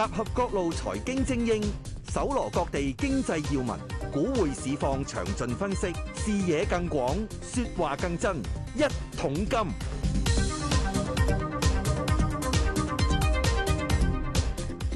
集合各路財經精英，搜羅各地經濟要聞，股匯市況詳盡分析，視野更廣，說話更真。一桶金，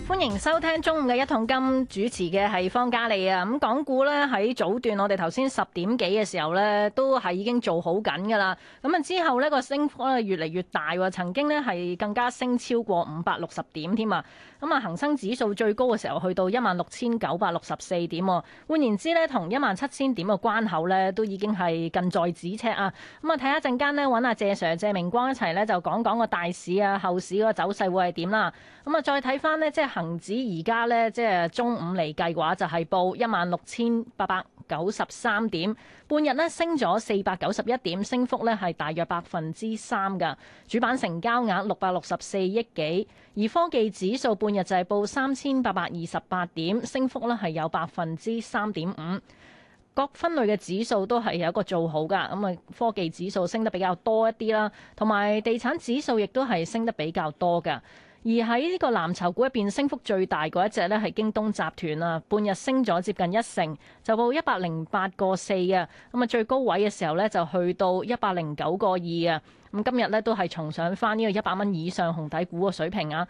歡迎收聽中午嘅一桶金主持嘅係方嘉利。啊。咁港股咧喺早段，我哋頭先十點幾嘅時候咧，都係已經做好緊噶啦。咁啊之後呢個升幅咧越嚟越大，曾經咧係更加升超過五百六十點添啊！咁啊，恒生指數最高嘅時候去到一萬六千九百六十四點，換言之咧，同一萬七千點嘅關口咧，都已經係近在咫尺啊！咁、嗯、啊，睇下陣間咧，揾阿謝 Sir 謝明光一齊咧，就講講個大市啊、後市個走勢會係點啦。咁、嗯、啊，再睇翻咧，即係恒指而家咧，即係中午嚟計嘅話，就係報一萬六千八百九十三點，半日咧升咗四百九十一點，升幅咧係大約百分之三噶，主板成交額六百六十四億幾，而科技指數半。今日就係報三千八百二十八點，升幅咧係有百分之三點五。各分類嘅指數都係有一個做好噶。咁啊，科技指數升得比較多一啲啦，同埋地產指數亦都係升得比較多嘅。而喺呢個藍籌股入邊，升幅最大嗰一隻呢係京東集團啊，半日升咗接近一成，就報一百零八個四嘅。咁啊，最高位嘅時候呢，就去到一百零九個二嘅。咁今日呢，都係重上返呢個一百蚊以上紅底股嘅水平啊！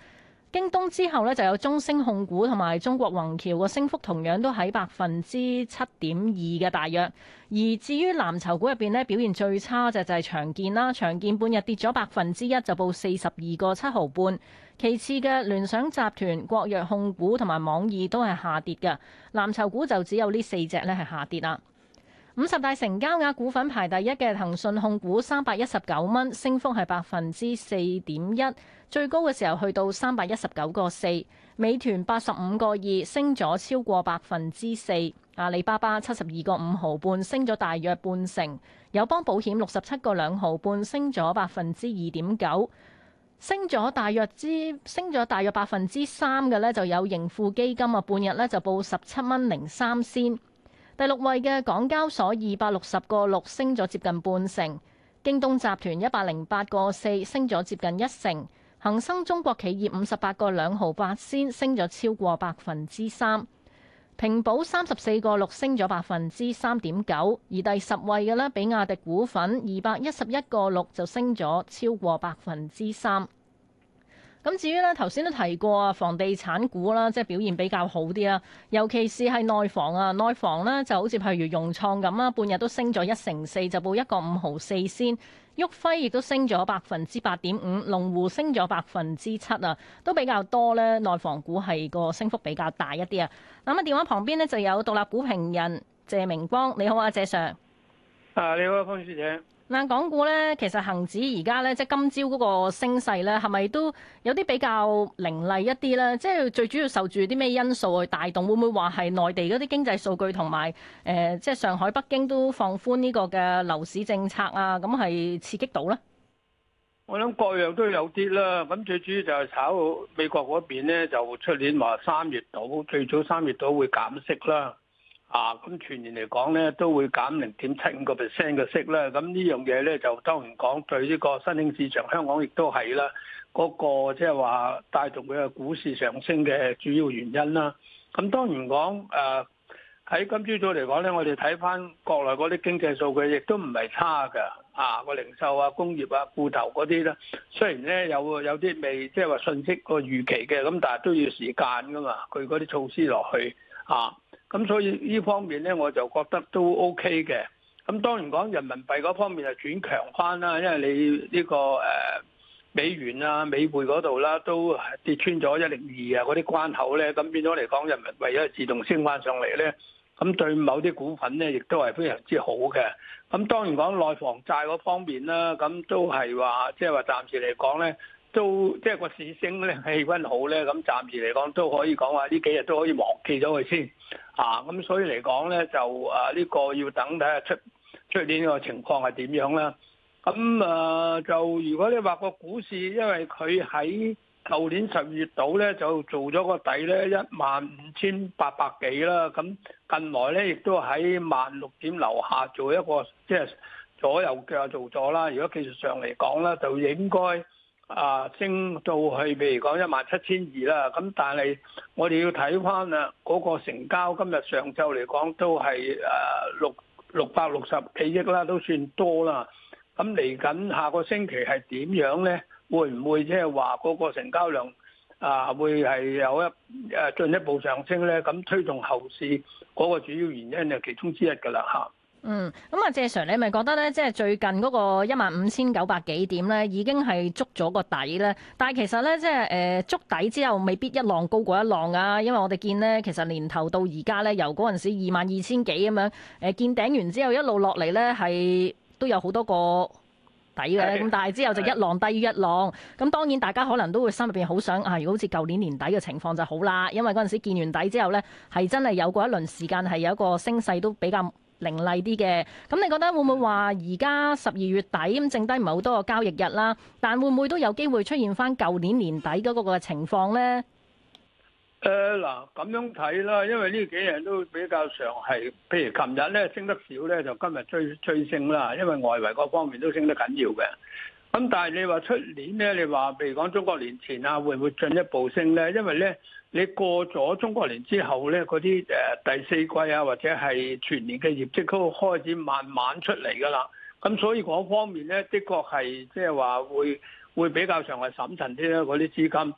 京東之後咧，就有中升控股同埋中國宏橋個升幅同樣都喺百分之七點二嘅大約。而至於藍籌股入邊咧，表現最差就就係長建啦。長建半日跌咗百分之一，就報四十二個七毫半。其次嘅聯想集團、國藥控股同埋網易都係下跌嘅。藍籌股就只有呢四隻咧係下跌啦。五十大成交額股份排第一嘅騰訊控股三百一十九蚊，升幅係百分之四點一，最高嘅時候去到三百一十九個四。美團八十五個二，升咗超過百分之四。阿里巴巴七十二個五毫半，升咗大約半成。友邦保險六十七個兩毫半，升咗百分之二點九，升咗大約之，升咗大約百分之三嘅咧，就有盈富基金啊，半日咧就報十七蚊零三仙。第六位嘅港交所二百六十個六升咗接近半成，京東集團一百零八個四升咗接近一成，恒生中國企業五十八個兩毫八仙升咗超過百分之三，平保三十四個六升咗百分之三點九，而第十位嘅呢，比亞迪股份二百一十一個六就升咗超過百分之三。咁至於呢頭先都提過啊，房地產股啦，即係表現比較好啲啦。尤其是係內房啊，內房咧就好似譬如融創咁啦，半日都升咗一成四，就報一個五毫四先。旭輝亦都升咗百分之八點五，龍湖升咗百分之七啊，都比較多呢。內房股係個升幅比較大一啲啊。咁啊，電話旁邊呢，就有獨立股評人謝明光，你好啊，謝 Sir。啊，你好，啊，方小姐。但港股咧，其實恒指而家咧，即係今朝嗰個升勢咧，係咪都有啲比較凌厲一啲咧？即係最主要受住啲咩因素去帶動？會唔會話係內地嗰啲經濟數據同埋誒，即係上海、北京都放寬呢個嘅樓市政策啊？咁係刺激到咧？我諗各樣都有啲啦，咁最主要就係炒美國嗰邊咧，就出年話三月度最早三月度會減息啦。啊，咁全年嚟講咧，都會減零點七五個 percent 嘅息啦。咁、啊、呢樣嘢咧，就當然講對呢個新興市場，香港亦都係啦，嗰、那個即係話帶動佢嘅股市上升嘅主要原因啦。咁當然講誒，喺今朝早嚟講咧，我哋睇翻國內嗰啲經濟數據，亦都唔係差噶。啊，個、啊啊、零售啊、工業啊、固投嗰啲咧，雖然咧有有啲未即係話信息個預期嘅，咁但係都要時間噶嘛，佢嗰啲措施落去啊。咁所以呢方面咧，我就覺得都 OK 嘅。咁當然講人民幣嗰方面係轉強翻啦，因為你呢個誒、呃、美元啊、美匯嗰度啦，都跌穿咗一零二啊嗰啲關口咧，咁變咗嚟講，人民幣又自動升翻上嚟咧。咁對某啲股份咧，亦都係非常之好嘅。咁當然講內房債嗰方面啦，咁都係話即係話暫時嚟講咧。都即係個市升咧，氣溫好咧，咁、嗯、暫時嚟講都可以講話呢幾日都可以忘記咗佢先啊！咁、嗯、所以嚟講咧，就啊呢、這個要等睇下出出年個情況係點樣啦。咁啊就如果你話個股市，因為佢喺舊年十月度咧就做咗個底咧一萬五千八百幾啦，咁、嗯、近來咧亦都喺萬六點樓下做一個即係、就是、左右腳做咗啦。如果技術上嚟講咧，就應該。啊，升到去譬如講一萬七千二啦，咁但係我哋要睇返啊嗰個成交，今日上晝嚟講都係誒六六百六十幾億啦，都算多啦。咁嚟緊下個星期係點樣咧？會唔會即係話嗰個成交量啊會係有一誒進一步上升咧？咁推動後市嗰個主要原因就其中之一㗎啦嚇。嗯，咁啊，謝 Sir，你咪覺得咧，即係最近嗰個一萬五千九百幾點咧，已經係捉咗個底咧？但係其實咧，即係誒、呃、捉底之後未必一浪高過一浪啊，因為我哋見呢，其實年頭到而家咧，由嗰陣時二萬二千幾咁樣誒、呃、見頂完之後一路落嚟咧，係都有好多個底嘅。咁的但係之後就一浪低於一浪。咁的當然大家可能都會心入邊好想啊，如果好似舊年年底嘅情況就好啦，因為嗰陣時見完底之後咧，係真係有過一輪時間係有一個升勢都比較凌厲啲嘅，咁你覺得會唔會話而家十二月底咁，剩低唔係好多個交易日啦？但會唔會都有機會出現翻舊年年底嗰個情況咧？誒嗱，咁樣睇啦，因為呢幾日都比較上係，譬如琴日咧升得少咧，就今日最追升啦，因為外圍各方面都升得緊要嘅。咁但係你話出年咧，你話譬如講中國年前啊，會唔會進一步升咧？因為咧。你過咗中國年之後咧，嗰啲誒第四季啊，或者係全年嘅業績都開始慢慢出嚟㗎啦。咁所以嗰方面咧，的確係即係話會會比較上係審慎啲啦，嗰啲資金。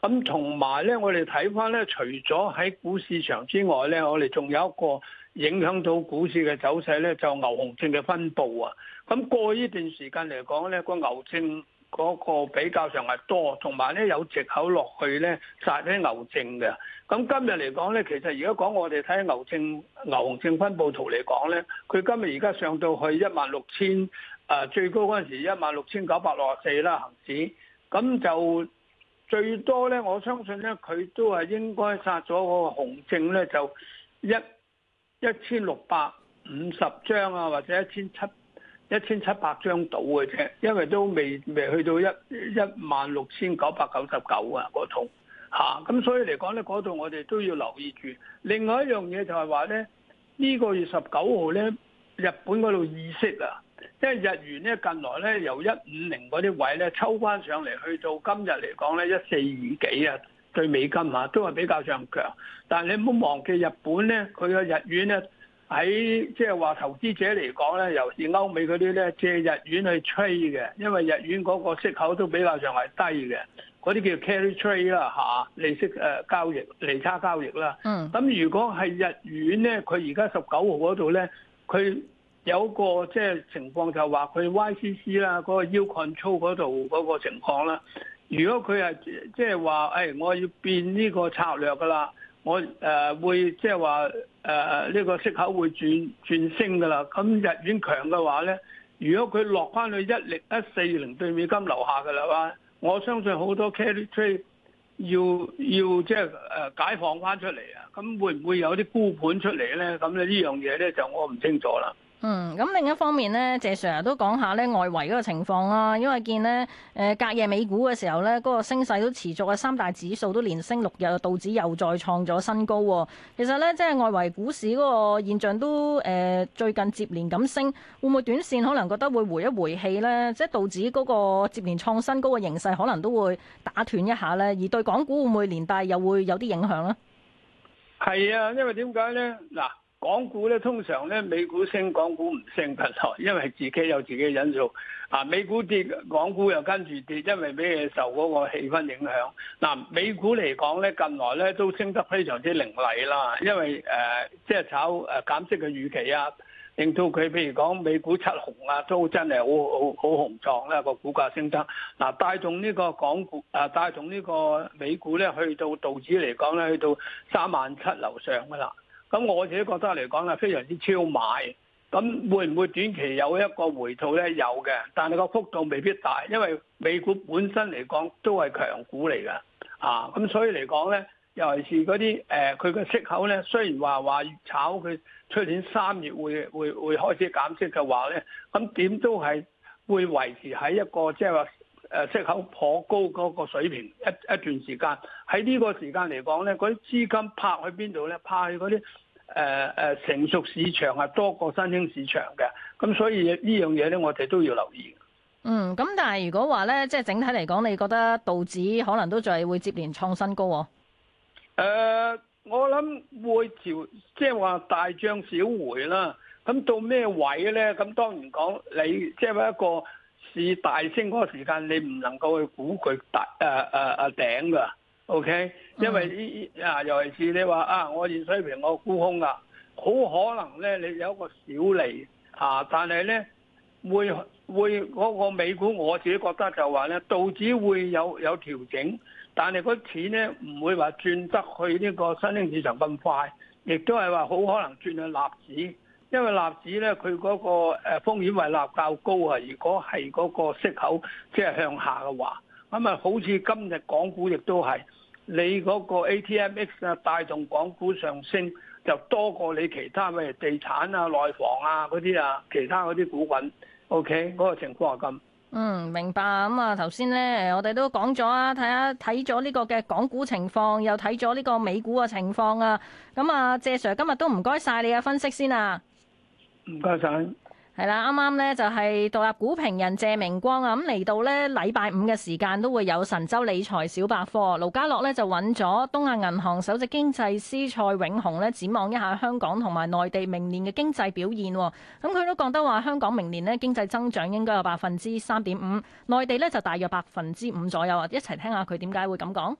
咁同埋咧，我哋睇翻咧，除咗喺股市場之外咧，我哋仲有一個影響到股市嘅走勢咧，就係牛熊證嘅分佈啊。咁過呢段時間嚟講咧，個牛證。嗰個比較上係多，同埋咧，有藉口落去咧殺啲牛證嘅。咁今日嚟講咧，其實如果講我哋睇牛證、牛熊證分佈圖嚟講咧，佢今日而家上到去一萬六千啊，最高嗰陣時一萬六千九百六十四啦，恆指。咁就最多咧，我相信咧，佢都係應該殺咗個熊證咧，就一一千六百五十張啊，或者一千七。一千七百張到嘅啫，因為都未未去到一一萬六千九百九十九啊個數咁，所以嚟講咧，嗰度我哋都要留意住。另外一樣嘢就係話咧，呢、呢個月十九號咧，日本嗰度意識啊，即係日元咧，近來咧由一五零嗰啲位咧抽翻上嚟，去到今日嚟講咧一四二幾啊，對美金嚇、啊、都係比較上強。但係你唔好忘記日本咧，佢個日元咧。喺即係話投資者嚟講咧，尤其是歐美嗰啲咧，借日元去 trade 嘅，因為日元嗰個息口都比較上係低嘅，嗰啲叫 carry trade 啦嚇，利息誒交易，利差交易啦。嗯。咁如果係日元咧，佢而家十九號嗰度咧，佢有個即係情況就係話佢 YCC 啦，嗰、嗰個 yield control 嗰度嗰個情況啦。如果佢係即係話，誒、哎，我要變呢個策略㗎啦。我誒、呃、會即係話誒呢個息口會轉轉升㗎啦，咁日元強嘅話咧，如果佢落翻去一零一四零對美金樓下㗎啦，哇！我相信好多 carry trade 要要即係誒解放翻出嚟啊，咁會唔會有啲沽盤出嚟咧？咁咧呢樣嘢咧就我唔清楚啦。嗯，咁另一方面呢，謝 Sir 都講下呢外圍嗰個情況啦，因為見呢誒隔夜美股嘅時候呢，嗰個升勢都持續啊，三大指數都連升六日，道指又再創咗新高。其實呢，即係外圍股市嗰個現象都誒最近接連咁升，會唔會短線可能覺得會回一回氣呢？即係道指嗰個接連創新高嘅形勢，可能都會打斷一下呢？而對港股會唔會連帶又會有啲影響呢？係啊，因為點解呢？嗱。港股咧通常咧美股升，港股唔升得落，因為自己有自己嘅因素。啊，美股跌，港股又跟住跌，因為為咩受嗰個氣氛影響。嗱、啊，美股嚟講咧近來咧都升得非常之凌厲啦，因為誒即係炒誒減息嘅預期啊，令到佢譬如講美股七紅啊，都真係好好好紅壯啦，這個股價升得。嗱、啊，帶動呢個港股啊，帶動呢個美股咧去到道指嚟講咧去到三萬七樓上噶啦。咁我自己覺得嚟講咧，非常之超買。咁會唔會短期有一個回吐咧？有嘅，但係個幅度未必大，因為美股本身嚟講都係強股嚟噶。啊，咁所以嚟講咧，尤其是嗰啲誒，佢、呃、嘅息口咧，雖然話話越炒佢出年三月會會會開始減息嘅話咧，咁點都係會維持喺一個即係話。就是誒，息口頗高嗰個水平一一段時間，喺呢個時間嚟講咧，嗰啲資金拍去邊度咧？拍去嗰啲誒誒成熟市場啊，多過新興市場嘅。咁所以呢樣嘢咧，我哋都要留意。嗯，咁但係如果話咧，即係整體嚟講，你覺得道指可能都仲係會接連創新高，哦？誒、呃，我諗會朝即係話大漲小回啦。咁到咩位咧？咁當然講你即係話一個。市大升嗰個時間，你唔能夠去估佢大誒誒誒頂㗎，OK？因為呢啊，尤其是你話啊，我現水平我沽空啊，好可能咧，你有一個小利嚇、啊，但係咧會會嗰、那個美股，我自己覺得就話咧，道指會有有調整，但係嗰錢咧唔會話轉得去呢個新興市場咁快，亦都係話好可能轉去納指。因為納指咧，佢嗰個誒風險位納較高啊。如果係嗰個息口即係、就是、向下嘅話，咁啊，好似今日港股亦都係你嗰個 A T M X 啊，帶動港股上升就多過你其他，譬如地產啊、內房啊嗰啲啊，其他嗰啲股份。O K. 嗰個情況係咁。嗯，明白咁啊。頭先咧我哋都講咗啊，睇下睇咗呢個嘅港股情況，又睇咗呢個美股嘅情況啊。咁啊，謝 Sir，今日都唔該晒你嘅分析先啊。唔該晒，係啦。啱啱咧就係獨立股評人謝明光啊，咁嚟到咧禮拜五嘅時間都會有神州理財小百科。盧家樂咧就揾咗東亞銀行首席經濟師蔡永雄咧，展望一下香港同埋內地明年嘅經濟表現。咁佢都覺得話，香港明年咧經濟增長應該有百分之三點五，內地咧就大約百分之五左右啊。一齊聽下佢點解會咁講。